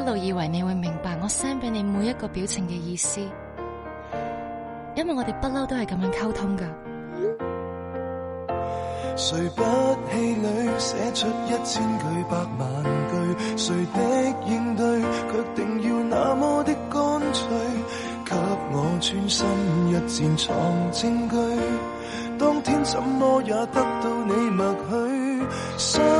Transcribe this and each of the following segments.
我一路以為你會明白我 send 俾你每一個表情嘅意思，因為我哋不嬲都係咁樣溝通㗎。誰筆氣裏寫出一千句百萬句，誰的應對確定，要那麼的乾脆，給我穿身一箭藏證據，當天怎麼也得到你默許。上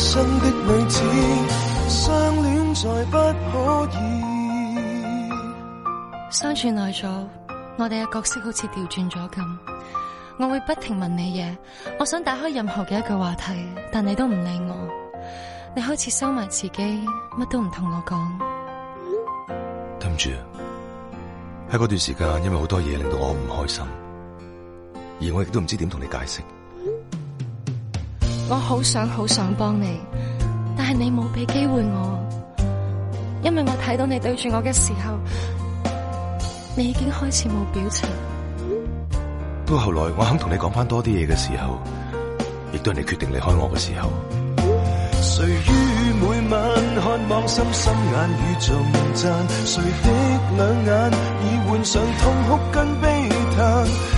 新的女子相戀在不可以相處耐咗，我哋嘅角色好似調轉咗咁。我會不停問你嘢，我想打開任何嘅一句話題，但你都唔理我。你開始收埋自己，乜都唔同我講。對唔住，喺嗰段時間，因為好多嘢令到我唔開心，而我亦都唔知點同你解釋。我好想好想幫你，但係你冇俾機會我，因為我睇到你對住我嘅時候，你已經開始冇表情。到後來我肯同你講返多啲嘢嘅時候，亦都係你決定離開我嘅時候。誰於每晚看望心心眼語盡讚，誰的兩眼已換上痛哭跟悲嘆。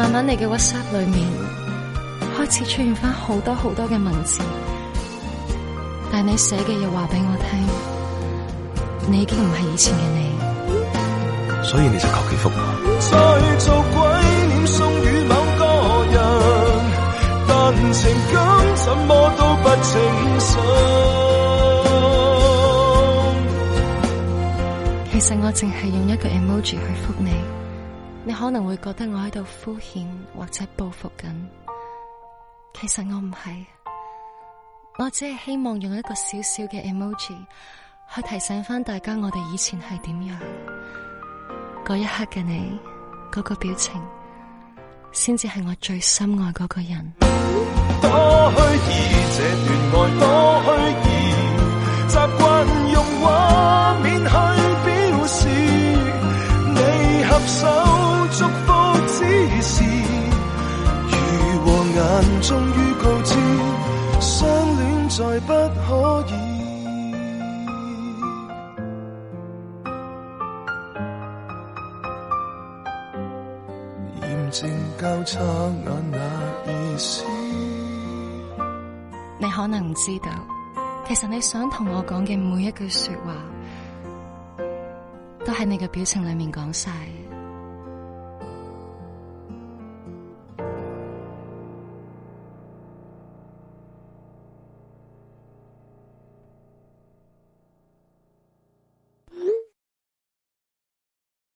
慢慢嚟嘅 WhatsApp 裏面開始出現翻好多好多嘅文字，但你寫嘅又話俾我聽，你已經唔係以前嘅你，所以你就求其覆我。其實我淨係用一個 emoji 去覆你。你可能會覺得我喺度敷衍或者報復緊，其實我唔係，我只係希望用一個小小嘅 emoji 去提醒翻大家我哋以前係點樣，嗰一刻嘅你嗰、那個表情，先至係我最深愛嗰個人。多虛意，這段愛多虛意，習慣用畫面去表示你合手。祝福如眼中如告知相戀再不可以 你可能唔知道，其實你想同我講嘅每一句說話都喺你嘅表情裏面講晒。